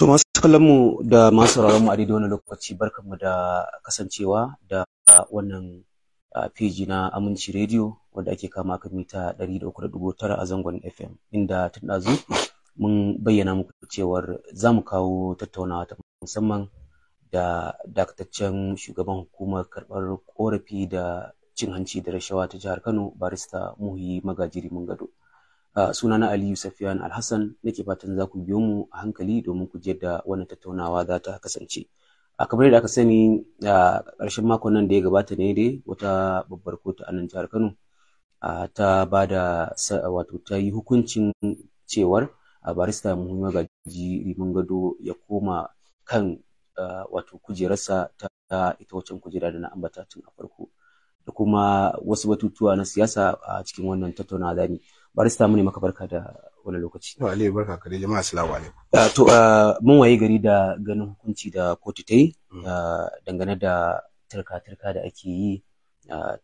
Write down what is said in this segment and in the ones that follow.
To masu kallonmu da masu mu a daidai wani lokaci barkanmu da kasancewa da wannan feji na Aminci rediyo wanda ake kama kan mita 300.9 a zangon FM inda tun ɗazu mun bayyana muku cewar za mu kawo tattaunawa ta musamman da dakataccen shugaban hukumar karɓar korafi da cin hanci da rashawa ta jihar Kano barista Muhi Magajiri mun gado. Suna na Aliyu Safiyan Alhassan nake fatan za ku biyo mu a hankali domin ku jiyar da wannan tattaunawa za ta kasance. A kamar da aka sani a ƙarshen makon nan da ya gabata ne dai wata babbar kotu a nan jihar Kano ta ba da wato ta yi hukuncin cewar a barista muhimmin gaji Riman gado ya koma kan wato kujerarsa ta ita waccan kujera da na ambata tun a farko da kuma wasu batutuwa na siyasa a cikin wannan tattaunawa zani. barista mu ne maka barka da wani lokaci wa alai barka ka jama'a assalamu alaikum ah, to ah, mun waye gari da ganin hukunci da kotu ta yi mm. ah, dangane da turka-turka da ake yi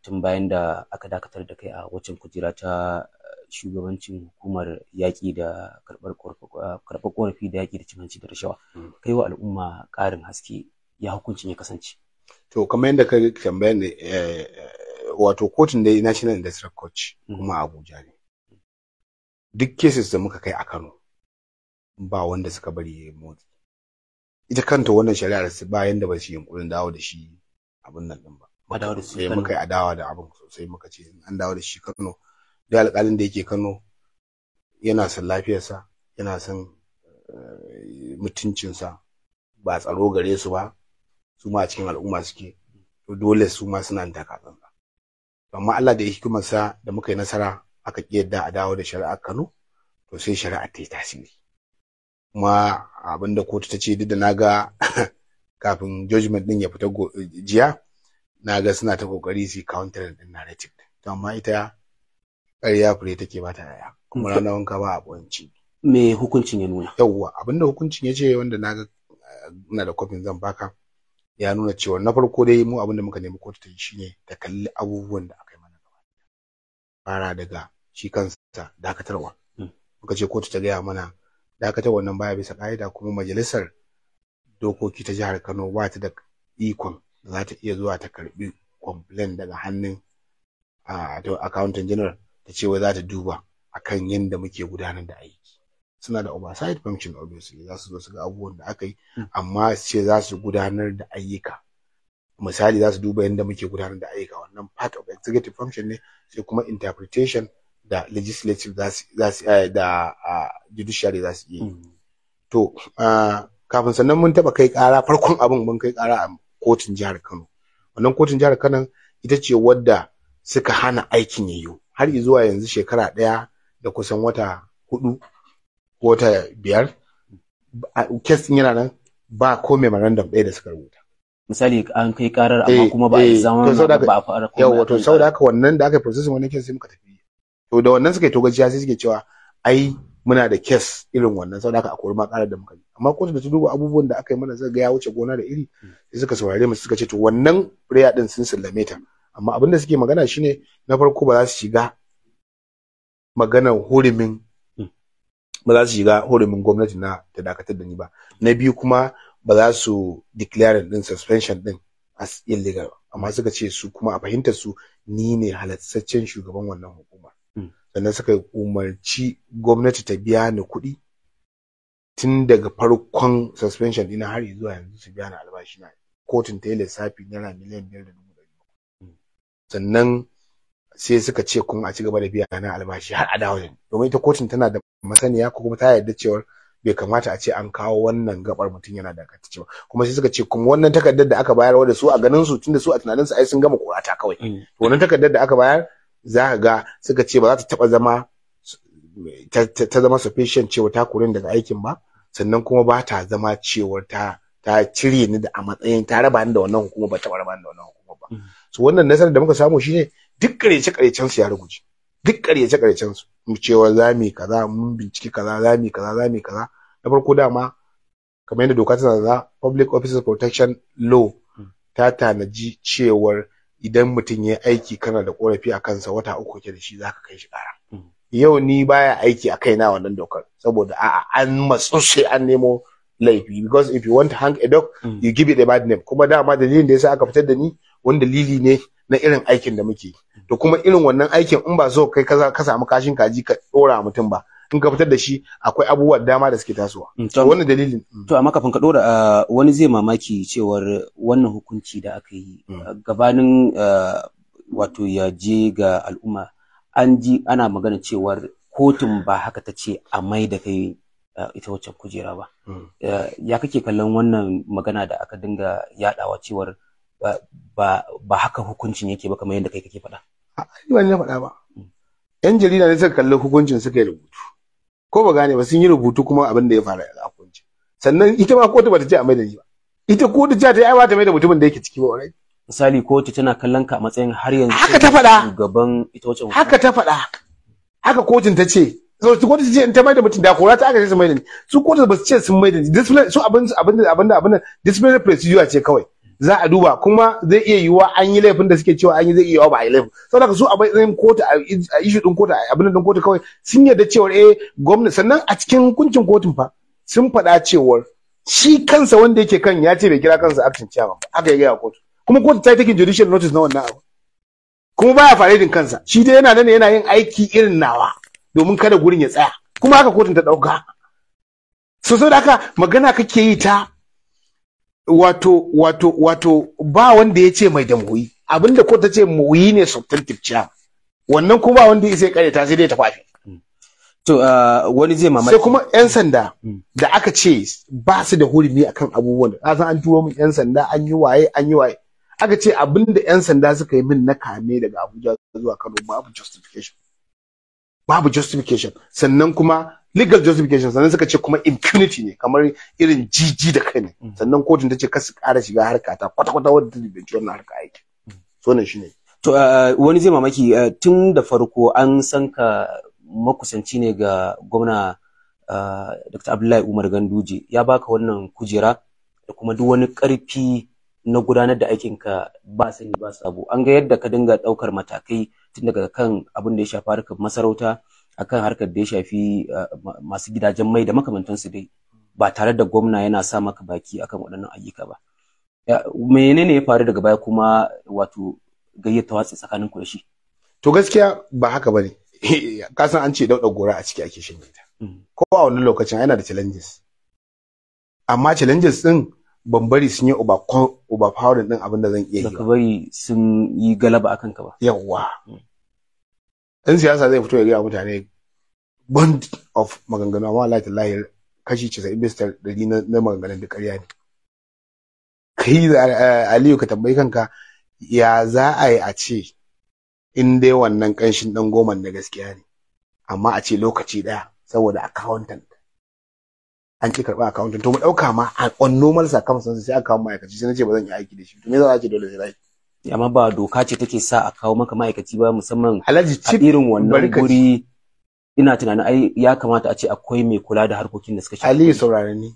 tun bayan da aka dakatar da kai a waccan kujera ta shugabancin hukumar yaƙi da karɓar ƙorafi da yaƙi da cin hanci da rashawa mm. kai wa al'umma ƙarin haske ya hukuncin ya kasance to kamar yadda ka tambayar ne eh, eh, wato kotun dai national industrial court mm. kuma abuja ne duk cases da muka kai a Kano ba wanda suka bari ya motsi ita kanta wannan shari'ar su ba yanda ba shi yunkurin dawo da shi abin nan din ba ba dawo da shi Sai muka yi adawa da abin sosai muka ce an dawo da shi Kano da alƙalin da yake Kano yana son lafiyarsa yana son eh, mutuncinsa ba tsaro gare su ba su ma a cikin al'umma suke dole su ma suna da kasan amma Allah da hikimarsa da muka yi nasara aka ƙi yadda a dawo da shari'ar Kano to sai shari'a ta yi tasiri kuma abin da kotu ta ce duk da na kafin judgment din ya fita jiya na suna ta kokari su counter din narrative to amma ita ƙarya fure take ba ta yaya kuma ranar wanka ba a ɓoyanci me hukuncin ya nuna yawwa abin da hukuncin ya ce wanda na ga ina da kofin zan baka ya nuna cewa na farko dai mu abin da muka nemi kotu ta yi shine ta kalli abubuwan da aka fara daga shi kansa dakatarwa hmm. muka ce kotu ta gaya mana dakatar wannan baya bisa ka'ida kuma majalisar dokoki ta jihar Kano ba ta da ikon da za ta iya zuwa ta karbi complain daga hannun a accountant general ta ce wai za ta duba akan yadda muke gudanar da aiki suna da oversight function obviously za su zo su ga abubuwan da aka yi hmm. amma ce za su gudanar da ayyuka misali za su duba yadda muke gudanar da ayyuka wannan part of executive function ne sai kuma interpretation da legislative za su eh, da judiciary za su yi mm. to kafin sannan mun taba kai kara farkon abin mun kai kara a kotun jihar Kano wannan kotun jihar Kano ita ce wadda suka hana aikin yayyo har zuwa yanzu shekara ɗaya da kusan wata hudu wata biyar kes yana nan ba ko memorandum ɗaya da suka rubuta misali an kai karar amma eh, kuma ba a eh, zama ba a fara kuma yawa to saboda haka wannan da aka yi processing wannan case sai muka tafi to da wannan suka yi to gajiya sai suke cewa ai muna da case irin wannan saboda haka a kori ma karar da muka yi amma kotu da ta duba abubuwan da aka yi mana zai ga ya wuce gona da iri hmm. sai suka saurare mu suka ce to wannan prayer din sun sallame ta amma abin da suke magana shine na farko ba za su shiga maganar hurumin hmm. ba za su shiga hurumin gwamnati na ta dakatar da ni ba na biyu kuma ba za su declare din suspension din as illegal amma hmm. suka ce su kuma a fahimtar su ni ne halattaccen shugaban wannan hukumar hmm. sannan suka umarci gwamnati ta biya ni kuɗi tun daga farkon suspension din har zuwa yanzu su biya ni albashi na kotun ta yi lissafi naira miliyan biyar da dubu ɗari hmm. sannan sai suka ce kun a ci gaba da biya na albashi har a dawo domin ita kotun tana da masaniya ko kuma ta yarda cewar bai kamata a ce an kawo wannan gabar mutum yana da katice ba kuma sai suka ce kuma wannan takardar da aka bayar da su a ganin su tunda su a tunanin su ai sun gama kurata kawai mm. to wannan takardar da aka bayar za ka ga suka ce ba za ta taba zama ta zama sufficient cewa ta kurin daga aikin ba sannan kuma ba ta zama cewar ta ta cire ni da a matsayin ta raba ni da wannan hukuma ba ta raba ni da wannan hukuma ba mm. so wannan nasarar da muka samu shine duk karece karecen su ya ruguje duk ƙaryace ƙaryacen su mu cewa za mu kaza mun binciki kaza za mu kaza za mu kaza na farko dama kamar yadda doka tana da public officers protection law ta tanaji cewar idan mutum ya aiki kana da korafi a kansa wata uku ke da shi za ka kai shi kara yau ni baya aiki a kaina wannan dokar saboda a'a an matsu sai an nemo laifi because if you want to hang a dog mm. you give it a bad name kuma dama dalilin da yasa aka fitar da ni wani dalili ne na irin aikin da muke To kuma irin wannan aikin in ba so kai ka samu kashin kaji ka dora mutum ba in ka fitar da shi akwai abubuwa dama da suke tasowa mm, wannan dalilin mm. to amma kafin ka dora wani zai mamaki cewar wannan hukunci da aka yi mm. gabanin wato ya je ga al'umma an ji ana magana cewar kotun ba haka ta ce a mai da kai ita wacce kujera ba ya kake kallon wannan magana da aka dinga yadawa cewar ba haka hukuncin yake ba kamar yadda kai kake faɗa ni ba ni na faɗa ba yan jarida ne suka kalli hukuncin suka yi rubutu ko ba gane ba sun yi rubutu kuma abin da ya fara a hukuncin sannan ita ma kotu bata ce a mai da ni ba ita kotu ta ta yi ba ta mai da mutumin da yake ciki ba misali kotu tana kallon ka a matsayin har yanzu haka ta faɗa gaban ita wacce haka ta faɗa haka kotun ta ce so kotu ta ce in ta maida mutum da kora ta aka ce sun maida. da ni su kotu ba su ce sun maida. da ni discipline su abin abin abin abin disciplinary procedure ce kawai za a duba kuma zai iya yiwuwa an yi laifin da suke cewa an yi zai iya yiwuwa ba a yi laifin ka su a matsayin kotu a ishu din kotu a abin din kotu kawai sun yarda cewa eh gwamnati sannan a cikin hukuncin kotun fa sun faɗa cewar shi kansa wanda yake kan ya ce bai kira kansa acting chairman ba haka ya gaya kotu kuma kotu ta yi taking judicial notice na wannan abu kuma baya faredin kansa shi dai yana nan yana yin aiki irin nawa domin kada gurin ya tsaya kuma haka kotun ta ɗauka so saboda haka magana kake yi ta wato wato wato ba wanda ya ce mai damgoyi abinda ko ta ce muyi ne substantive ciya wannan kuma wanda ya sai kare ta sai dai ta kwafi hmm. to uh, wani zai mamaki sai kuma yan sanda hmm. da aka ce ba su da hurumi akan abubuwan da san an turo min yan sanda an yi waye an yi waye aka ce abinda yan sanda suka yi min na kame daga Abuja zuwa Kano babu justification babu justification sannan kuma legal justification sannan suka ce kuma impunity ne kamar irin jiji da kai ne mm. sannan kotun ta ce ka su ƙara shiga harka ta kwata-kwata wadda ta dubenci wannan harka aiki mm. so ne to uh, wani zai mamaki uh, tun da farko an san ka makusanci ne ga gwamna uh, Dr. Abdullahi Umar Ganduje ya baka wannan kujera da kuma duk wani ƙarfi na gudanar da aikinka ba sani ba sabo an ga yadda ka dinga ɗaukar matakai tun daga kan abin da ya shafi harkar masarauta akan harkar da ya shafi masu gidajen mai da makamantansu dai ba tare da gwamna yana sa maka baki akan waɗannan ayyuka ba menene ya faru daga baya kuma wato gayyata watsi tsakanin ku da shi to gaskiya ba haka bane ka san an ce dauda gora a ciki ake shin ta mm. ko a wannan lokacin yana da challenges amma challenges din ban bari sun yi overpowering din abin da zan iya yi ba bari sun yi galaba akan ka ba yawwa mm. ɗan siyasa zai fito ya gaya mutane bond of maganganu amma Allah ta lahir kashi 90 bisa ɗari na maganganun da ƙarya ne kai eh, Aliyu ka tambayi kanka ya za a yi a ce in dai wannan ƙanshin ɗan goma na gaskiya ne amma a ce lokaci ɗaya saboda accountant an ki karɓa accountant to mu ɗauka ma a on normal sai aka kawo ma'aikaci sai na ce ba zan yi aiki da shi to me za a ce dole sai zai? amma ba doka ce take sa a kawo maka ma'aikaci ba musamman a irin wannan guri ina tunanin ai ya kamata a ce akwai mai kula da harkokin da suka shafi Ali saurare ni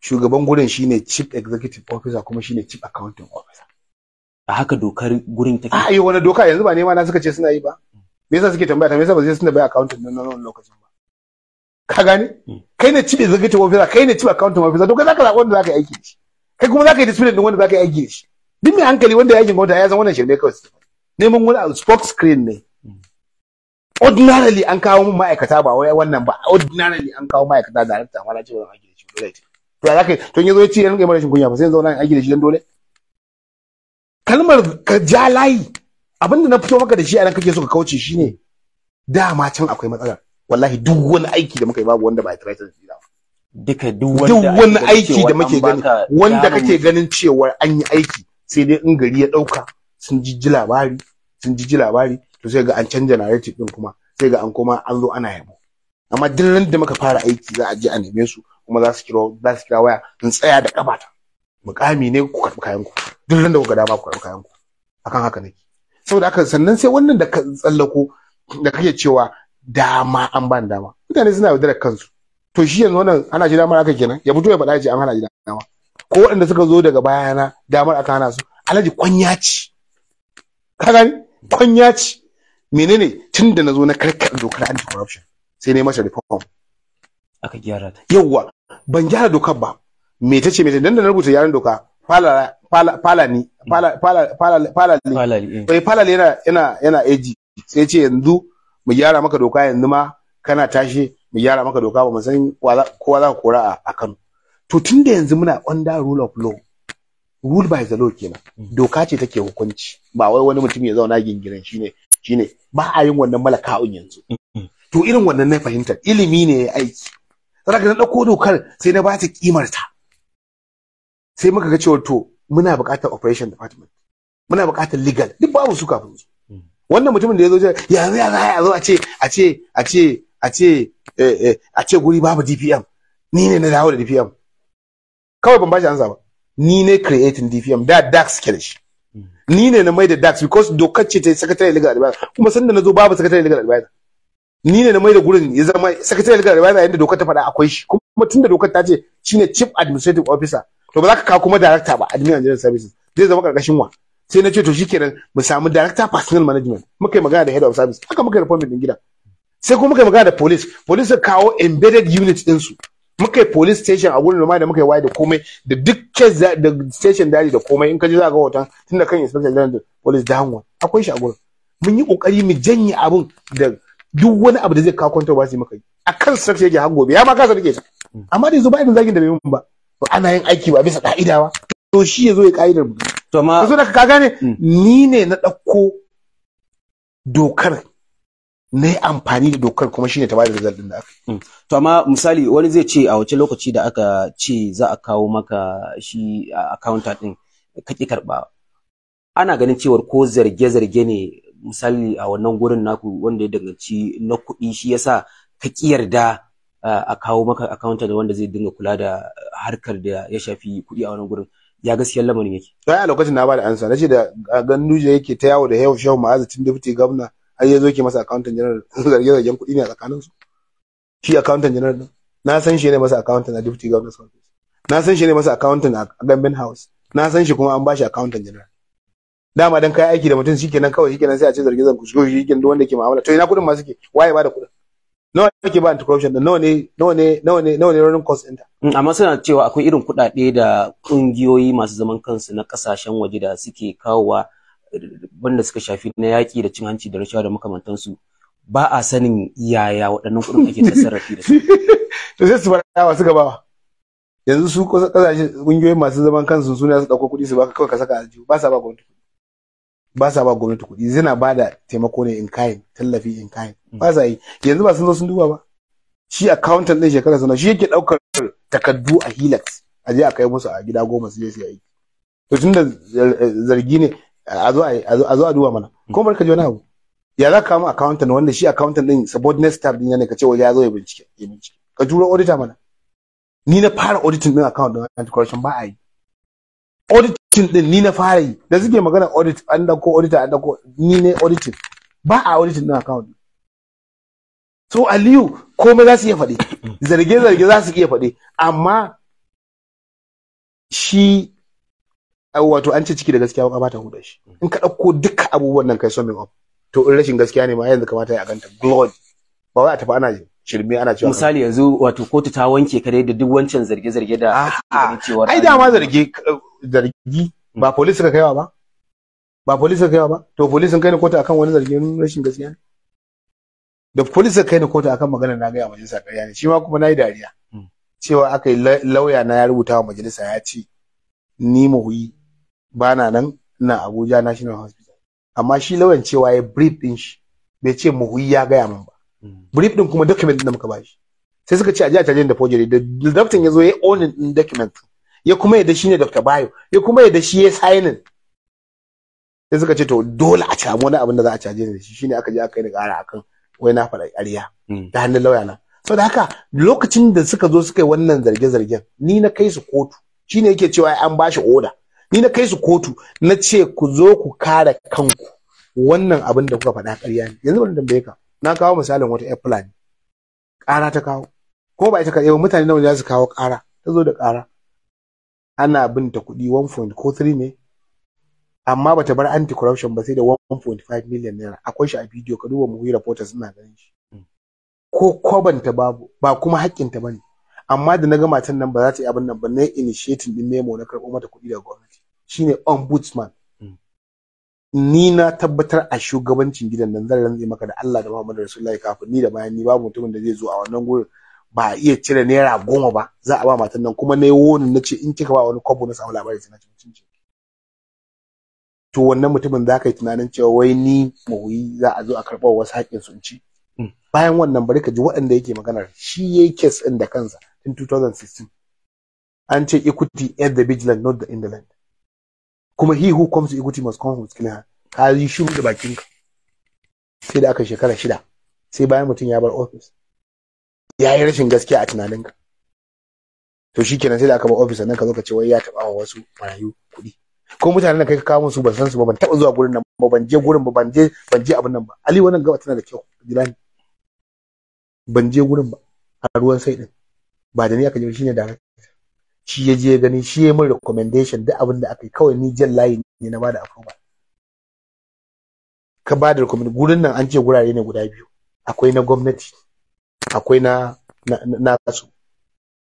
shugaban gurin shine chief executive officer kuma shine chief accounting officer a haka dokar gurin take ai wani doka yanzu ba nema na suka ce suna yi ba me yasa suke tambaya ta me yasa ba zai suna bai accounting na nan lokacin ba ka gane hmm. kai ne chief executive officer kai ne chief accounting officer to kai zaka zaɓi wanda zaka yi aiki da shi kai kuma zaka yi discipline din wanda zaka yi aiki da shi duk mai hankali wanda yakin mota ya san wannan shirme kawai neman wani a spok screen ne ordinarily an kawo mun ma'aikata ba wai wannan ba ordinarily an kawo ma'aikata da halitta amma ce wannan ake da shi dole to ya zaka to yanzu ya ce ran ga mara shin kunya ba sai zauna aiki da shi dan dole kalmar ka ja layi abinda na fito maka da shi a nan kake so ka kauce shi ne dama can akwai matsala. wallahi duk wani aiki da muka yi babu wanda ba ya try da duka duk wani aiki da muke gani wanda kake ganin cewa an yi aiki sai dai in gari ya ɗauka sun jijji labari sun jijji labari to sai ga an canja narrative din kuma sai ga an koma an zo ana yabo amma duk ran da muka fara aiki za a je a neme su kuma za su kira za su kira waya sun tsaya da kabata mukami ne ku karbi kayan ku duk ran da kuka dama ku karbi kayan ku akan haka nake saboda haka sannan sai wannan da ka tsallako da kake cewa dama an ban dama mutane suna yaudarar kansu to shi yanzu wannan ana ji dama haka kenan ya fito ya faɗa ce an hana ji dama ko waɗanda suka zo daga bayana damar aka hana su alhaji kwanya ce ka gani kwanya ce menene tun da na zo na karkar dokar anti corruption sai ne masa reform aka gyara ta yawwa ban gyara dokar ba me tace me tace dan da na rubuta yaran doka falali fala ni fala fala eh. Eh, yana yana yana sai ce yanzu mu gyara maka doka yanzu ma kana tashi mu gyara maka doka ba mu san kowa za ka kora a Kano to tun da yanzu muna under rule of law rule by the law kenan mm. doka ce take hukunci ba wai wani mutum ya zauna gingirin shine shine ba a yin wannan malaka'un yanzu to irin wannan na fahimtar ilimi ne ya aiki sai na dauko dokar sai na ba ta kimar ta sai muka ga cewa to muna buƙatar operation department muna buƙatar legal duk babu su kafin su mm. wannan mutumin da ya zo ya zo ya a ce a ce a ce a ce eh, eh, a ce guri babu DPM ni ne na dawo da DPM kawai ban bashi ansa ba ni ne creating DPM da DAX ke da shi ni ne na mai da DAX because dokar ce ta yi secretary legal advisor kuma sanda na zo babu secretary legal advisor ni ne na mai da gurin ya zama secretary legal advisor yadda dokar ta faɗa akwai shi kuma tunda dokar ta ce shine chief administrative officer to ba za ka kawo kuma director ba admin and general services zai zama karkashin wa sai na ce to shikenan mu samu director personal management muka yi magana da head of service haka muka yi reform din gida sai kuma muka yi magana da police police kawo embedded unit din su muka yi police station a gurin da muka yi waye da komai da duk case da station daji da komai in ka ji za ga hoton tunda kan inspector general police hanwa akwai shi a gurin mun yi kokari mu janye abun da duk wani abu da zai kawo kwantar ba su maka yi akan structure yake har gobe ya ma kasa take amma da yanzu ba irin zagin da bai mun ba to ana yin aiki ba bisa ka'ida ba to shi yazo ya ka'idar mu to ma ka gane mm. ni ne na ɗauko dokar na yi amfani da dokar kuma shine ta bada result din da aka yi. Mm. to amma misali wani zai ce a wace lokaci da aka ce za a kawo maka shi accountant din ka ki karba ana ganin cewar ko zarge zarge ne misali a wannan gurin naku wanda ya danganci na kuɗi shi yasa ka ki yarda a kawo maka da wanda zai dinga kula da harkar da ya shafi kuɗi a wannan gurin ya gaskiyar lamarin yake. Ɗaya a lokacin na da ansa na ce da ganduje yake ta yawo da yau shehu ma'azatin deputy governor har ya zo ke masa accountant general zarge-zargen kuɗi ne a tsakanin su shi accountant general din na san shi ne masa accountant a deputy governor's office na san shi ne masa accountant a Gambin House na san shi kuma an bashi accountant general dama dan kai aiki da mutum shikenan kawai shikenan sai a ce zarge-zargen ku shikenan duk wanda ke ma'amala. to ina kuɗin ma suke waye ba da kuɗin nawa ne ake ba anti-corruption din nawa ne nawa ne nawa ne nawa ne running cost ɗinta. Mm, amma suna cewa akwai irin kuɗaɗe da ƙungiyoyi masu zaman kansu na ƙasashen waje da suke kawowa wanda suka shafi na yaƙi da cin hanci da rashawa da makamantansu ba a sanin yaya waɗannan kuɗin ake tasarrafi da su. To sai su faɗa su gabawa. Yanzu su ƙasashe ƙungiyoyin masu zaman kansu suna su ɗauko kuɗi su baka kawai ka saka aljihu ba sa ba gwamnati kuɗi. Ba sa ba gwamnati kuɗi zina ba da taimako ne in kayan tallafi in kayan ba sa yi yanzu ba sun zo sun duba ba. Shi accountant ɗin shekara sana shi yake ɗaukar takardu a hilax a je a kai musu a gida goma su je su yi. To tunda zargi ne a zo a duba mana ko barka ji wani abu ya za ka kama accountant wanda shi accountant din subordinate star din yana ka ce waje ya zo ya bincike ya bincike ka jura auditor mana ni na fara auditing din account din anti corruption ba a yi auditing din ni na fara yi da suke magana audit an ko, auditor an ko, ni ne auditing ba a auditing din account so aliyu komai za su iya faɗi zarge zarge za su iya faɗi amma shi wato an ce ciki da gaskiya ba ta huda shi in ka ɗauko duka abubuwan nan kai summing up to in rashin gaskiya ne ma yanzu kamata ya ganta glory ba wai a tafi ana shirme ana cewa misali yanzu wato kotu ta wanke ka da duk wancan zarge-zarge da cewa ai dama zarge zargi ba police suka kaiwa ba ba police suka kaiwa ba to police sun kai ni kotu akan wani zargin rashin gaskiya ne da police suka kai ni kotu akan magana na gaya majalisa ƙarya ne shi ma kuma nayi dariya hmm. cewa aka yi lauya na ya rubuta wa majalisa ya ce ni muhuyi ba na nan na Abuja National Hospital amma shi lauyan cewa ya brief din shi bai ce muhuyi ya gaya min ba hmm. brief din kuma document din da muka bashi sai suka ce a ji a tajin da forgery da doctor ya zo ya own din document ya kuma yadda shi ne Dr. Bayo ya kuma yadda shi ya signing sai suka ce to dole a camu wani abin da za a caje da shi shine aka je aka yi da ƙara akan wai na faɗa ƙarya hmm. da hannun lauya na saboda haka lokacin da suka zo suka yi wannan zarge-zargen ni na kai su kotu shine yake cewa an bashi oda ni na kai su kotu na ce ku zo ku kare kanku wannan abin da kuka faɗa ƙarya ne yanzu bari tambaye ka na kawo misalin wata ƴar fulani ƙara ta kawo ko ba ita kaɗai ba mutane nawa za su kawo ƙara ta zo da ƙara ana bin ta kuɗi 1.3 ne amma bata bar anti corruption ba sai da 1.5 million naira akwai shi a bidiyo ka duba muhi reporters suna ganin shi ko ta babu ba kuma haƙƙinta bane amma da na ga matan nan ba za ta yi abin nan ba na initiating din memo na karɓo mata kuɗi daga gwamnati shine ombudsman hmm. ni na tabbatar a shugabancin gidan nan zan rantse maka da Allah da Muhammadu Rasulullahi kafin ni da bayan ni babu mutumin da zai zo a wannan gurin ba a iya cire naira goma ba za a ba matan nan kuma na yi wonin na ce in kika ba wani kwabo na samu labari sai na ci mutunci to wannan mutumin za ka yi tunanin cewa wai ni mahuyi za a zo a karɓa wasu haƙƙin sun ci hmm. bayan wannan bari ka ji waɗanda yake maganar shi yayi kes ɗin da kansa in 2016 an ce equity at the vigilant not the indolent kuma he who comes to equity must come with clean ka yi shiru da bakinka sai da aka shekara shida sai bayan mutum ya bar office ya yi rashin gaskiya a tunaninka to shi kenan sai da aka bar office sannan ka zo ka ce wai ya taɓa wa wasu marayu kuɗi ko mutanen da kai ka kawo su ban san su ba ban taɓa zuwa gurin nan ba ban je gurin ba ban je ban je abin nan ba ali wannan gaba tana da kyau jilani ban je gurin ba a ruwan sai din ba da ni aka je shine da shi ya je gani shi ya min recommendation duk abin da aka yi kawai ni jan layi ne na bada approval ka bada recommendation gurin nan an ce gurare ne guda biyu akwai na gwamnati akwai na na kasu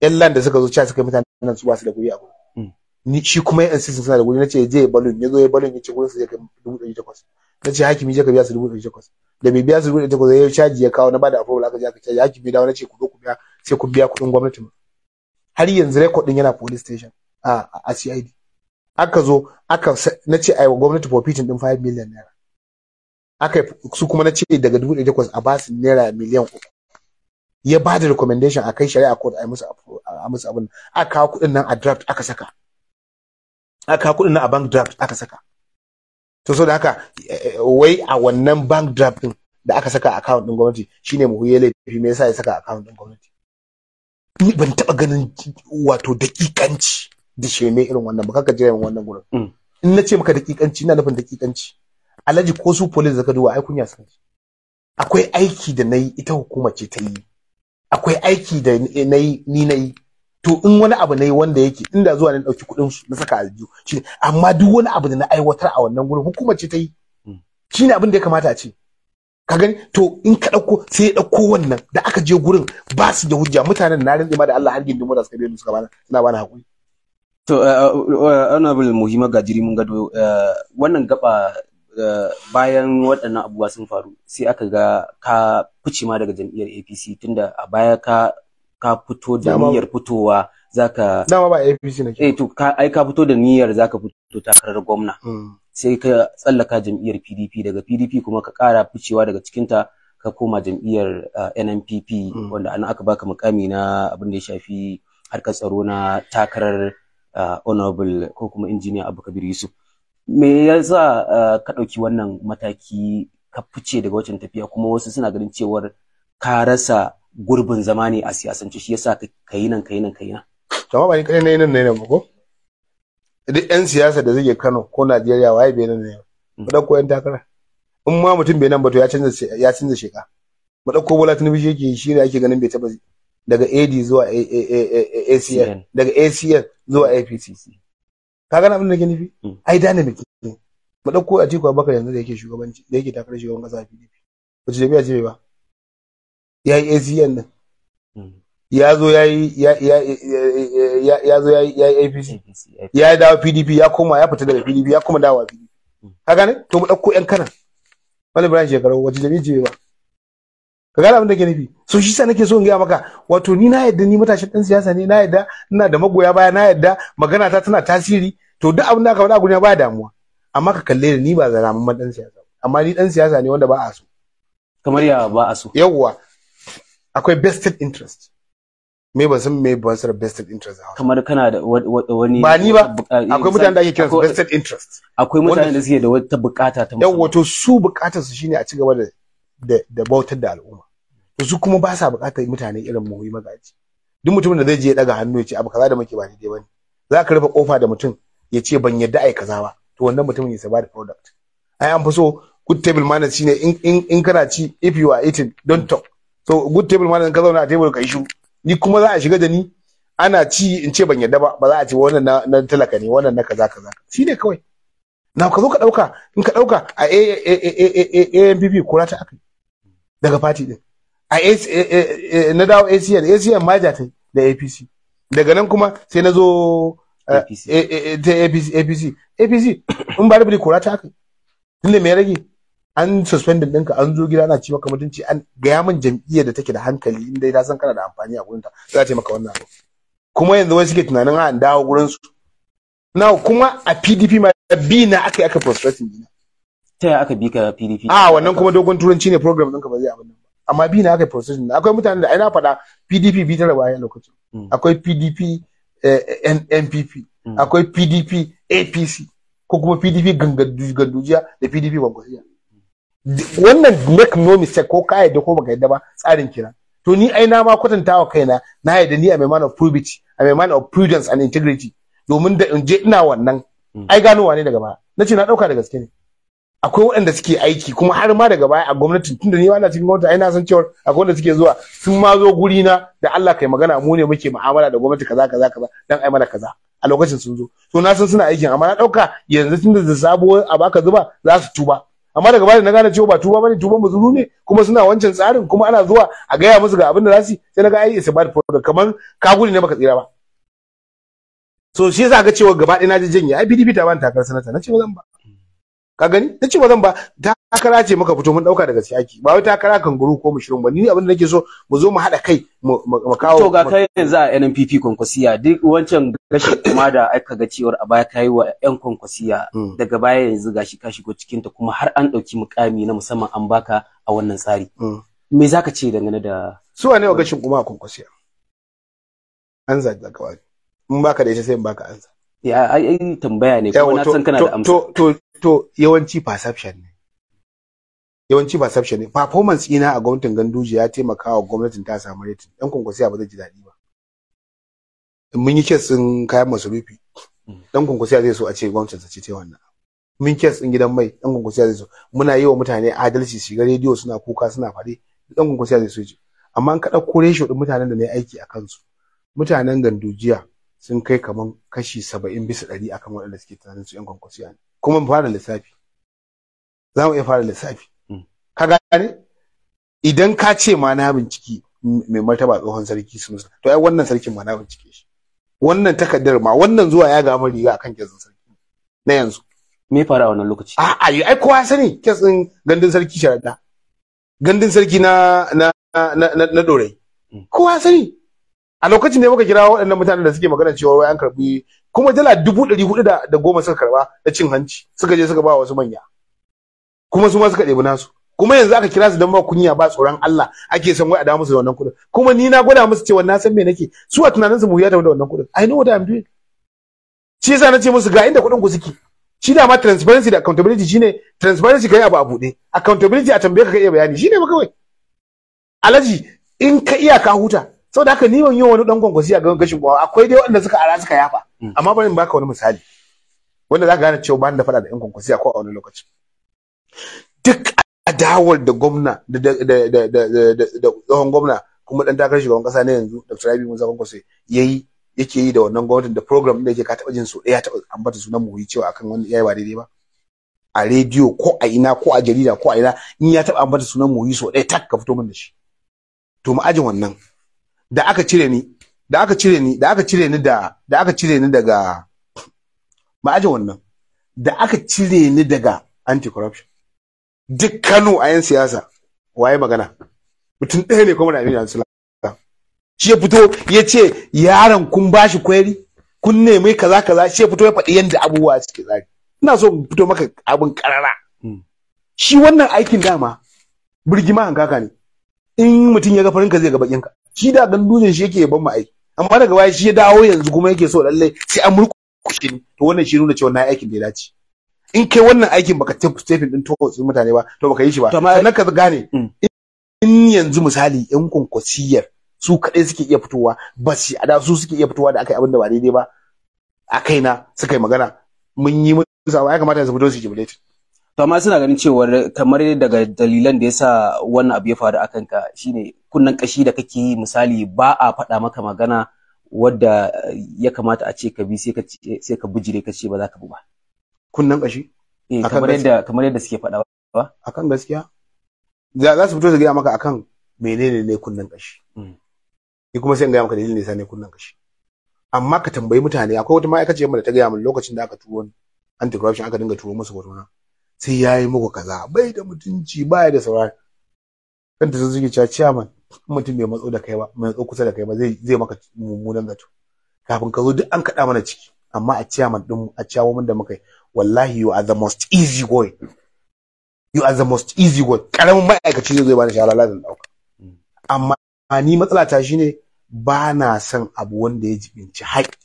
yan land da suka zo cha suka mutane nan su ba su da guri abu hmm. ni shi kuma yan sisi suna da guri nace je balloon yazo ya balloon yace gurin su je kai dubu ɗari takwas nace hakimi je ka biya su dubu ɗari takwas da bai biya su dubu ɗari takwas ya caji ya kawo na bada approval aka je aka caji hakimi dawo nace ku zo ku biya sai ku biya kuɗin gwamnati har yanzu record din yana police station a a CID aka zo aka na ce ai gwamnati forfeiting din 5 million naira aka su kuma na ce daga 2008 a basu naira miliyan uku ya ba da recommendation a kai shari'a court a musu a musu abin aka kawo kudin nan a draft aka saka aka kawo kudin nan a bank draft aka saka to so da haka eh, eh, wai a wannan bank draft din da aka saka account din gwamnati shine mu huye laifi me yasa ya saka account din gwamnati ban taba ganin wato dakikanci da shirme irin wannan ba kaka jira wannan gurin mm. in na ce maka dakikanci ina nufin dakikanci alhaji ko su police zaka duba ai kunya sun akwai aiki da nayi ita hukuma ce ta yi akwai aiki da nayi ni nayi to in wani abu nayi wanda yake inda zuwa ne dauki kudin su na saka aljihu amma duk wani abu da na aiwatar a wannan gurin hukuma ce ta yi mm. shine abin da ya kamata a ce ka gani to in ka ɗauko sai ya ɗauko wannan da aka je gurin ba su da hujja mutanen na rantsi ma da Allah har gindin da suka biyo suka bana suna bana hakuri to eh, eh, eh, honorable muhimma gajiri mun gado wannan gaba bayan waɗannan abubuwa sun faru sai aka ga ka fice ma daga jam'iyyar APC tunda a baya ka ka fito da niyyar fitowa zaka dama ba APC nake eh to ai ka fito da niyyar zaka fito takarar gwamna mm. sai ka tsallaka jam'iyyar PDP daga PDP kuma ka kara ficewa daga cikinta ka koma jam'iyyar uh, NNPP mm. wanda ana aka baka mukami na abin da ya shafi harkar tsaro na takarar uh, honorable ko kuma injiniya Abu Kabir Yusuf me yasa uh, ka ɗauki wannan mataki ka fice daga wancan tafiya kuma wasu suna ganin cewar ka rasa gurbin zama ne a siyasance shi yasa ka yi nan ka yi nan ka yi nan. Jama'a ba ni kai nan na yi nan ba ko? duk yan siyasa da zai Kano ko Najeriya waye bai nan ne mu dauko yan takara in ma mutum bai nan ba to ya canza ya canza sheka mu dauko Bola Tinubu shi yake shi ne ake ganin bai taba daga AD zuwa ACN daga ACN zuwa APC ka gana abin da ke nufi mm. ai dynamic ne mu dauko Atiku Abubakar yanzu da yake shugabanci da yake takarar shugaban kasa PDP wace jami'a ce bai ba yayi ACN din mm. ya zo ya yi ya ya yi APC ya dawa PDP ya koma ya fita daga PDP ya koma dawa PDP haka ne to mu dauko yan kana wani bayan shekaru wace jami'i ce ba ka gane abin da ke nufi so shi sa nake so in gaya maka wato ni na yadda ni matashin dan siyasa ne na yadda ina da magoya baya na yadda magana ta tana tasiri to duk abin da aka faɗa a gurina ba damuwa amma ka kalle ni ba zaramin dan siyasa amma ni dan siyasa ne wanda ba a so kamar ya ba a so yawwa akwai vested interest me ba san me ba sar vested interest kamar kana da wani ba ni ba eh, akwai mutanen da ake kiransu vested interest akwai mutanen da suke da wata bukata ta musamman wato su bukatar su shine a ci gaba da da bautar da al'umma to su kuma ba sa bukatar mutane irin mu yi magaji duk mutumin da zai je ya daga hannu ya ce abu kaza da muke ba daidai bane za ka rufe kofa da mutum ya ce ban yadda ai kaza ba to wannan mutumin ya saba da product ai an fi so good table manners shine in in kana ci if you are eating don't talk so good table manners ka zauna a table ka yi shu. ni kuma za a shiga da ni ana ci in ce ban yadda ba ba za a ce wannan na, talaka ne wannan na kaza kaza shi ne kawai na ka zo ka dauka in ka dauka a ANPP kura ta aka daga party din a na dawo ACN ACN ma ja ta da APC daga nan kuma sai na zo APC APC APC in ba da kura ta aka tunda me rage an suspended ɗinka an zo gida ana ci maka mutunci an gaya min jam'iyyar da take da hankali in dai na san kana da amfani a gurinta za ta maka wannan abu kuma yanzu wai suke tunanin a ah, dawo gurin su na kuma a PDP ma bi na aka yi aka frustrating dina ta yaya aka bi ka PDP a ah, wannan kuma dogon turanci ne program ɗinka ba zai abin nan ba amma bi na aka yi frustrating akwai mutanen da ai na faɗa PDP bi tara bayan lokacin hmm. akwai PDP NPP eh, hmm. akwai PDP APC ko kuma PDP gangadujiya da PDP bangwasiya wannan make no mistake ko ka yadda ko baka yadda ba tsarin kira to ni aina ma kwatantawa kaina na yadda ni a mai man of probity a mai man of prudence and integrity domin da in je ina wannan mm. ai gano ne daga baya ce na dauka da gaske ne akwai waɗanda suke aiki kuma har ma daga baya a gwamnati tunda ni na cikin gwamnati ai na san cewa akwai wanda suke zuwa sun ma zo guri na da Allah kai magana mu ne muke mu'amala da gwamnati kaza kaza kaza dan ai mana kaza a lokacin sun zo to na san suna aikin amma na dauka yanzu tunda da sabo a baka zuba za su tuba amma daga bayan na gane cewa ba tuba bane tuban muzuru ne kuma suna wancan tsarin kuma ana zuwa a gaya musu ga abin da za sai na ga ai isa bad product kamar ka gudu ne baka tsira ba so shi yasa ga cewa gaba ɗaya na ji janye ai PDP ta ban takar sanata na ce zan ba ka gani ce ba zan ba takara ce maka fito mun dauka daga siyaki ba wai takara kan guru ko mushirin ba ni abin da nake so mu zo mu hada kai mu kawo to ga kai yanzu a NNPP konkwasiya duk wancan gashi kuma da aka ga cewar a baya kai wa yan konkwasiya hmm. daga baya yanzu gashi ka shigo cikin ta kuma har an dauki mukami na musamman an baka a wannan tsari hmm. me zaka ce dangane da su wane wa gashin kuma a konkwasiya an zaga in baka da ita sai in baka ansa ya ai tambaya ne kuma na san kana da amsa to to to yawanci perception ne yawanci perception ne performance ina a gwamnatin Ganduje ya taimaka wa gwamnatin ta samu rating dan kunkusiya ba zai ji daɗi ba mun yi kes din kayan masarufi dan mm. kunkusiya zai so a ce gwamnatin ta ce ta wannan mun kes din gidan mai dan kunkusiya zai so muna yi wa mutane adalci shiga rediyo suna kuka suna faɗi dan kunkusiya zai so amma an ka ko ratio din mutanen da na yi aiki a kansu mutanen gandujiya sun kai kamar kashi saba'in bisa ɗari akan waɗanda suke tunanin su 'yan kwankwasiya ne kuma mu fara lissafi za mu iya fara lissafi hmm. ka gane idan ka ce ma na binciki mai martaba tsohon sarki sun to ai wannan sarkin ma na bincike shi wannan takardar ma wannan zuwa ya gama riga a kan kesin sarki na yanzu me fara wannan lokaci a a ai kowa ya sani kesin gandun sarki sharada gandun sarki na na na na, na dorai hmm. kowa ya sani a lokacin da muka kira waɗannan mutanen da suke magana cewa wai an karbi kuma dala dubu ɗari hudu da goma suka karba na cin hanci suka je suka ba wasu manya kuma su ma suka ɗebi nasu kuma yanzu aka kira su don ba kunya ba tsoron Allah ake son wai a da musu da wannan kuɗin kuma ni na gwada musu cewa na san me nake su a tunanin su mu ya da wannan kuɗin i know what i'm doing shi yasa na ce musu ga inda kuɗin ku suke shi da ma transparency da accountability shine transparency kai abu a buɗe accountability a tambaye ka kai bayani shine ba kawai alaji in ka iya ka huta so da haka ni ban yi wani dan gwangwasi a gaban gashin bawa akwai dai wanda suka ara suka yafa mm. amma bari in baka wani misali wanda za ka gane cewa ban da faɗa da yan gwangwasi a ko a wani lokaci duk adawar da gwamna da da da da tsohon gwamna kuma dan takarar shugaban kasa ne yanzu da Rabi Musa Kwankwaso yayi yake yi da wannan gwamnatin da program da yake ka taɓa jin so ɗaya eh, taɓa ambata sunan mu cewa akan wani yayi ba daidai ba a rediyo ko a ina ko a jarida ko a ina in ya taba ambata sunan mu so ɗaya tak ka fito min da shi to ajin wannan da aka cire ni da aka cire ni da aka cire ni da da aka cire ni daga ba aje wannan da aka cire ni daga anti corruption duk Kano a yan siyasa waye magana mutum ɗaya ne kuma da Aminu Ansula shi ya fito ya ce yaron kun bashi kwari kun nemi kaza kaza shi ya fito ya faɗi yadda abubuwa suke tsari ina so in fito maka abin karara hmm. shi wannan aikin dama birgima hankaka ne in mutum ya ga ka zai ga ka shi da dan dutse shi yake ban mu ai amma daga baya shi ya dawo yanzu kuma yake so lalle sai an murkushe ni to wannan shi nuna cewa na aikin da ya dace in kai wannan aikin baka tafi din kawai mutane ba to baka yi shi ba sannan ka gane mm. in yanzu misali yan kunkusiyar su kadai suke iya fitowa ba shi a da su suke iya fitowa da akai abin da ba daidai ba a kaina suka yi magana mun yi musu ya kamata su fito su jubilate to amma suna ganin cewa kamar daga dalilan da yasa wannan abu ya faru a kanka shine kunnan kashi da kake yi misali ba a faɗa maka magana wadda ya kamata a ce ka bi sai ka ka bujire ka ce ba za ka bu ba Kunnan kashi eh, kamar yadda kamar yadda suke faɗa ba akan gaskiya za su fito su gaya maka akan menene ne kunnan kashi hmm. ni kuma sai in gaya maka dalilin ne sai ne kunnan kashi amma ka tambayi mutane akwai wata ma'aikaciyar da ta gaya min lokacin da aka tuwo anti corruption aka dinga tuwo musu hotuna sai ya yi muku kaza bai da mutunci baya da saurari kanta sun suke cewa ciyaman mutum bai matso da kai ba mai matso kusa da kai ba zai maka mummunan zato kafin ka zo duk an kaɗa mana ciki amma a ciyaman ɗin a ciyawomin da muka wallahi you are the most easy boy you are the most easy boy karamin ma'aikaci zai zo bani shawara lazin ɗauka amma ni matsala ta shine ba na son abu wanda ya jibinci haƙƙi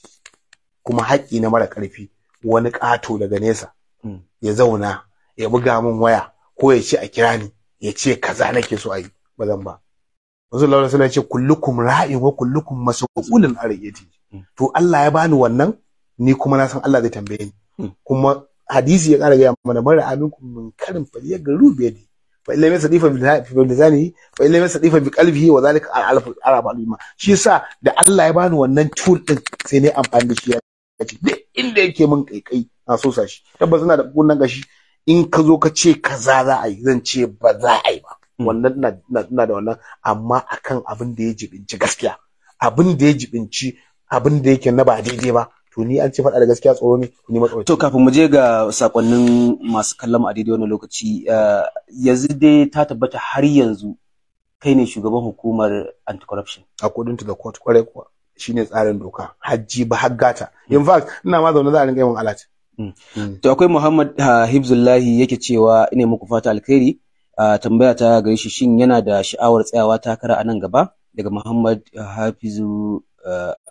kuma haƙƙi na mara ƙarfi wani ƙato daga nesa hmm. ya zauna ya buga min waya ko ya ce a kira ni ya ce kaza nake so a yi ba zan ba wasu lauran ce kullukum ra'in wa kullukum mas'ulun an hmm. to Allah ya bani wannan ni kuma na san Allah zai tambaye ni hmm. kuma hadisi ya kara gaya mana bar aminku min karin fali ya garu biyadi fa illa mai sadifa bi lisanihi fa illa mai sadifa bi qalbihi wa zalika al arab al shi yasa da Allah ya bani wannan tool din sai ne amfani da shi ya ce duk inda yake min kai na so shi tabbas ina da kunnan gashi in ka zo ka ce kaza za a yi zan ce ba za a yi ba hmm. wannan na da wannan amma akan abin da ya jibinci gaskiya abin da ya jibinci abin da yake na ba daidai ba to ni an ce faɗa da gaskiya tsoro ne ni matsauri to kafin mu je ga sakonnin masu kallon a daidai wannan lokaci eh, yanzu dai ta tabbata har yanzu kai ne shugaban hukumar anti-corruption according to the court kwarai kuwa shine tsarin doka hajji ba haggata in fact ina ma zaune za a rinka yin alat Mm. Mm. To akwai Muhammad ah, Hibzullahi yake cewa ina muku fata alkhairi ah, tambaya ta gare shi shin yana da sha'awar tsayawa takara a nan gaba daga Muhammad ah, Hafizu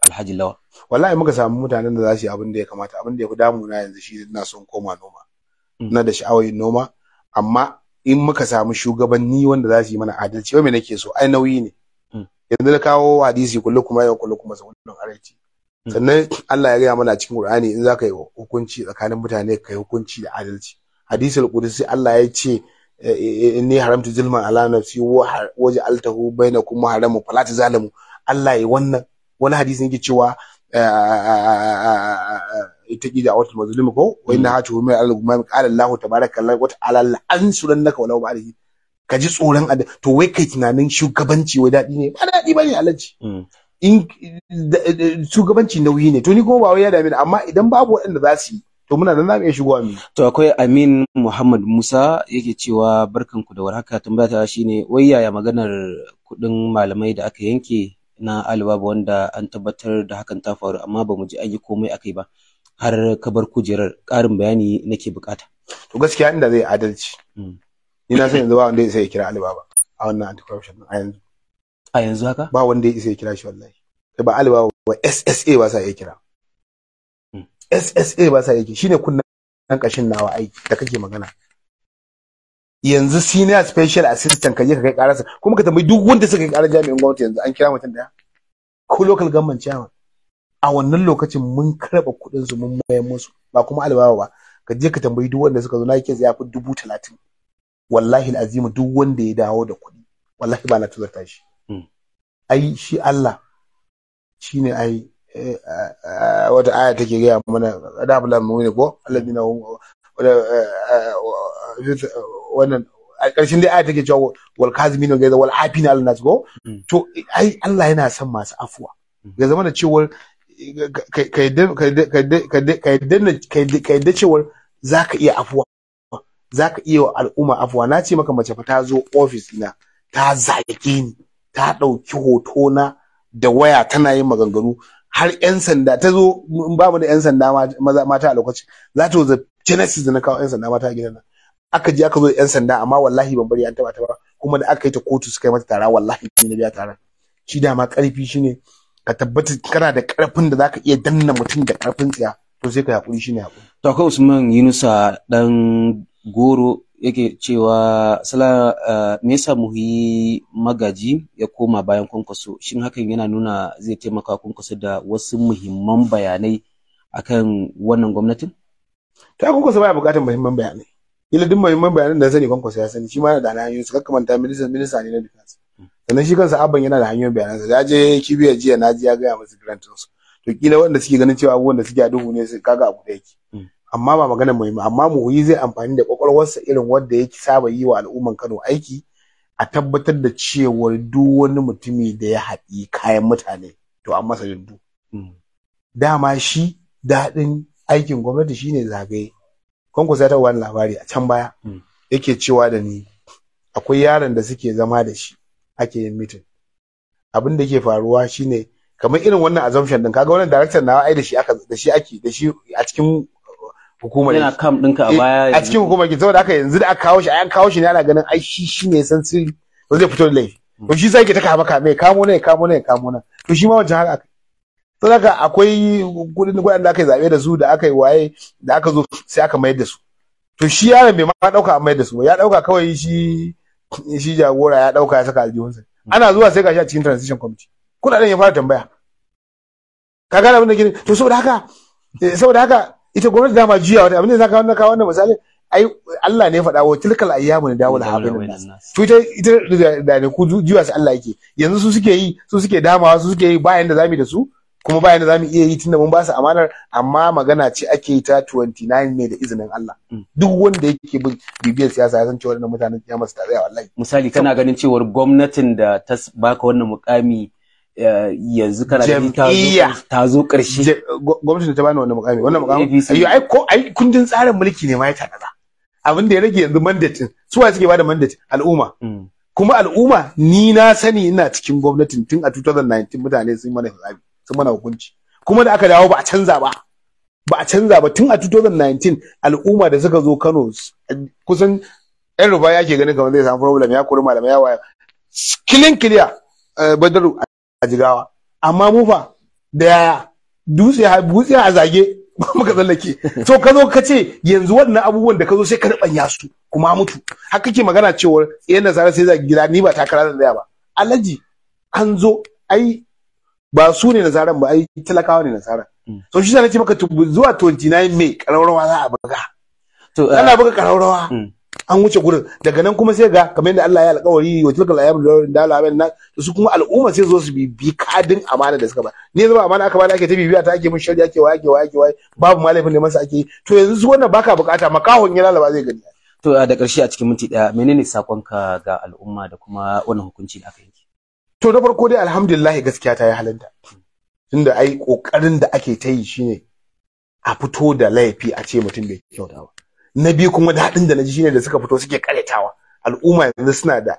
Alhaji Lawa. Wallahi muka samu mutanen da za su yi abin da ya kamata abin da ya fi damu na yanzu shi ina son koma noma. Mm. Ina da sha'awar noma amma in muka samu shugabanni wanda za su yi mana adalci wai me nake so ai nauyi ne. Yanzu da kawo hadisi kullu kuma yau kullu kuma sauran arewaci. Mm. sannan Allah ya gaya mana a cikin Qur'ani in zaka yi hukunci tsakanin mutane kai hukunci da adalci hadisul qudsi Allah ya ce eh, eh, inni haramtu zulman ala nafsi wa ja'altahu bainakum haramu fala tazalimu Allah ya wannan wani hadisin yake cewa eh, ita gida wata mazlumi ko wa inna mm. hatu min al-gumam qala Allah tabaraka wa ta'ala an sunannaka wa law ba'dihi ka ji tsoron to wai kai tunanin shugabanci wai dadi ne ba dadi bane alaji mm. in Eh, eh, shugabanci nauyi ne to ni kuma ba wai ya dame ni amma idan babu waɗanda za su yi to muna nan zamu iya shigowa mu to akwai Amin Muhammad Musa yake cewa barkanku da warhaka tambaya ta shine wai yaya maganar kuɗin malamai da aka yanke na Alibaba wanda an tabbatar da hakan ta faru amma ba mu ji an yi komai akai ba har ka bar kujerar ƙarin bayani nake bukata to gaskiya inda zai adalci hmm. ni na san yanzu ba wanda ya isa ya kira Alibaba a wannan anti corruption a yanzu a yanzu haka ba wanda ya isa ya kira shi wallahi kai ba alba ba ssa ba sa iya kira hmm. ssa ba sa iya kira shine kunnan kashin nawa aiki da kake magana yanzu senior special assistant kaje ka kai karasa kuma ka tambayi duk wanda suka kai karar jami'in gwamnati yanzu an kira mutum daya ko local government chairman a wannan lokacin mun karba kuɗin su mun mayar musu ba kuma alibaba ba ka je ka tambayi duk wanda suka zo na yake ya fi dubu talatin wallahi azimu duk wanda ya dawo da kuɗi wallahi ba na tuzarta shi hmm. ai shi Allah shine ai eh, wata aya take gaya mana da mu mu'mini ko alladina eh, eh, wannan a ƙarshen dai aya take cewa wal kazimin ga wal afina al nas ko mm. to ai Allah yana son masu afuwa ga mm. zama da cewar ka yadda cewar za ka iya afuwa za ka iya al'umma afuwa na ce maka mace fa ta zo ofis na ta zaki ni ta ɗauki hoto na da waya tana yin maganganu har 'yan sanda ta zo babu da 'yan sanda mata a lokaci. za ta zo genesis da na kawo 'yan sanda mata a gidan aka je aka zo da 'yan sanda amma wallahi ban bari an taba ta ba kuma da aka yi ta kotu suka yi mata tara wallahi na biya tara shi da dama karfi shine ka tabbata kana da karfin da zaka iya danna mutum da karfin tsaya to sai ka hakuri shine hakuri to kai Usman Yunusa dan goro yake cewa sala eh, me yasa yi magaji ya koma bayan kwankwaso shin hakan yana nuna zai taimaka kwankwaso da wasu muhimman bayanai akan wannan gwamnatin ta kwankwaso baya bukatar muhimman bayanai ila duk muhimman bayanan da sani kwankwaso ya sani shi ma da hanyoyin su kakkamanta minista minista ne na defense sannan shi kansa abban yana da hanyoyin bayanan sa je kibiyar jiya na ji ya gaya masu grant to kila wanda suke ganin cewa abubuwan da suke a duhu ne kaga abu da yake hmm. amma ba magana mai amma mu yi zai amfani da kwakwalwarsa irin wanda yake saba yi wa al'umman Kano aiki a tabbatar da cewar duk wani mutumi da ya haɗi kayan mutane to an masa jiddu hmm. dama shi daɗin aikin gwamnati shine zagaye kwankwas ya taɓa wani labari a can baya hmm. yake cewa da ni akwai yaron da suke zama da shi ake yin mitin abin da ke faruwa shine kamar irin wannan assumption din kaga wannan director nawa ai da shi aka da shi ake da shi a cikin hukumar yana kam ɗinka a eh, baya a cikin hukumar ki saboda haka yanzu da aka kawo shi an kawo shi ne ana ganin ai shi shi ne san sirri ba zai fito da laifi mm. to shi sai ki ta maka mai kamo ne kamo ne kamo ne to shi ma wancan haka aka to haka akwai kudin gudan da aka yi zabe da su da aka yi waye da aka zo sai aka mayar da su to shi yaron bai ma dauka a mayar da su ya dauka kawai shi shi jagora ya dauka ya saka aljihunsa mm. ana zuwa sai gashi a cikin transition committee kudaden ya fara tambaya kaga abin da ke to saboda haka eh, saboda haka ita gwamnati dama juya wata abin da zaka wannan kawo wannan misali. ai Allah ne faɗa wa tilkal ayyamu da dawo habin to ita ita da ne ku juya su Allah yake yanzu su suke yi su suke damawa su suke yi bayan da zamu da su kuma bayan da zamu iya yi tunda mun ba su amanar amma magana ce ake yi ta 29 ne da izinin Allah mm. duk wanda yake bin bibiyar siyasa ya san cewa wannan mutanen ya masu tsaya wallahi misali kana ganin cewar gwamnatin da ta baka wannan mukami Eh, yanzu kana da ta zo ƙarshe gwamnati ta bani wannan mukami wannan mukami ayo ai ko ai kundin tsarin mulki ne ma ya tada abin da ya rage yanzu mandate su wa suke bada mandate al'umma mm. kuma al'umma ni na sani ina cikin gwamnatin tun a 2019 mutane sun mana hisabi sun mana hukunci kuma da aka dawo ba a canza ba ba a canza ba tun a 2019 al'umma da suka zo Kano kusan yan ruba ya ke ganin kamar zai samu problem ya kuri malamai ya waya clear Uh, badaru a jigawa amma mufa da yaya dutse dutse a zage ba ka tsallake so ka zo ka ce yanzu wannan abubuwan da ka zo sai ka rubanya su kuma mutu haka kake magana cewa yana eh, nasara sai zagi gida ni ba takara da daya ba alaji an zo ai ba su ne nasaran ba ai talakawa ne nasaran so mm. shi sa nake maka zuwa 29 karawar karawarwa za a buga ana uh, buga karawarwa mm. an wuce gurin daga nan kuma sai ga kamar yadda Allah ya alƙawari wa tilkal ayyam da Allah amin nan su kuma al'umma sai zo su bibi kadin amana da suka ba ne zama amana aka bani ake ta bibiya ta ake mun shari'a ake waye ake waye ake waye babu malafin ne masa ake to yanzu su wannan baka bukata makahon ya lalaba zai gani to da ƙarshe a cikin minti ɗaya menene sakonka ga al'umma da kuma wannan hukunci da aka yanke to na farko dai alhamdulillah gaskiya ta yi halinta tunda ai kokarin da ake ta yi shine a fito da laifi a ce mutum bai kyautawa na biyu kuma da daɗin da na ji shine da suka fito suke karetawa al'umma yanzu suna da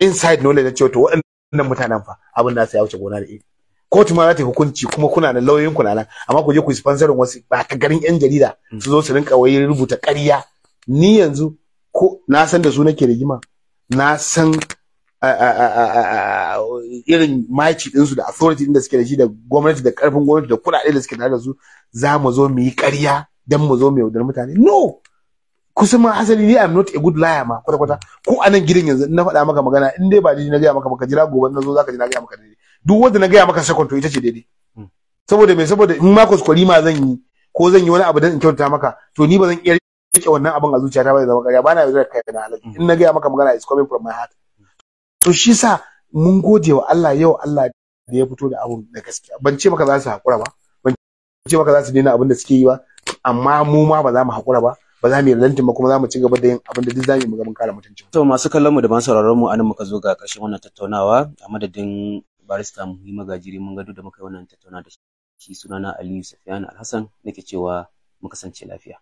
inside knowledge na cewa to waɗannan mutanen fa abin da su ya wuce gona da iri kotu ma za ta hukunci kuma kuna da lauyoyin ku nan amma ku je ku sponsorin wasu ba ta garin yan jarida mm. su zo su rinka wai rubuta ƙarya ni yanzu ko na san da su nake rigima na san irin maci ɗinsu da authority ɗin da suke da shi da gwamnati da ƙarfin gwamnati da kuɗaɗe da suke da su za mu zo mu yi ƙarya don mu zo mu yaudar mutane no kusan ma hasali ni am not a good liar ma kwata kwata ko a nan gidan yanzu na faɗa maka magana in dai ba ji na gaya maka ka jira gobe na zo zaka ji na gaya maka daidai duk wanda na gaya maka second to ita ce daidai hmm. saboda me saboda in ma kuskuri ma zan yi ko zan yi wani abu dan in kyautata maka to ni ba zan iya rike wannan abin a zuciyata ba zai zama ƙarya ba na yaudar kai na alaji hmm. in na gaya maka magana is coming from my heart to shi sa mun gode wa Allah yau Allah da ya fito da abun da gaskiya ban ce maka za su haƙura ba ban ce maka za su daina abin da suke yi ba amma mu ma ba za mu haƙura ba ba za mu yi lantin ba kuma za mu ci gaba da yin abin da duk za mu yi gaban kare mutunci to masu kallon mu da masu sauraron mu anan muka zo ga ƙarshen wannan tattaunawa a madadin barista mu yi magajiri mun gado da muka yi wannan tattaunawa da shi sunana Aliyu Safiyan Alhassan nake cewa mu kasance lafiya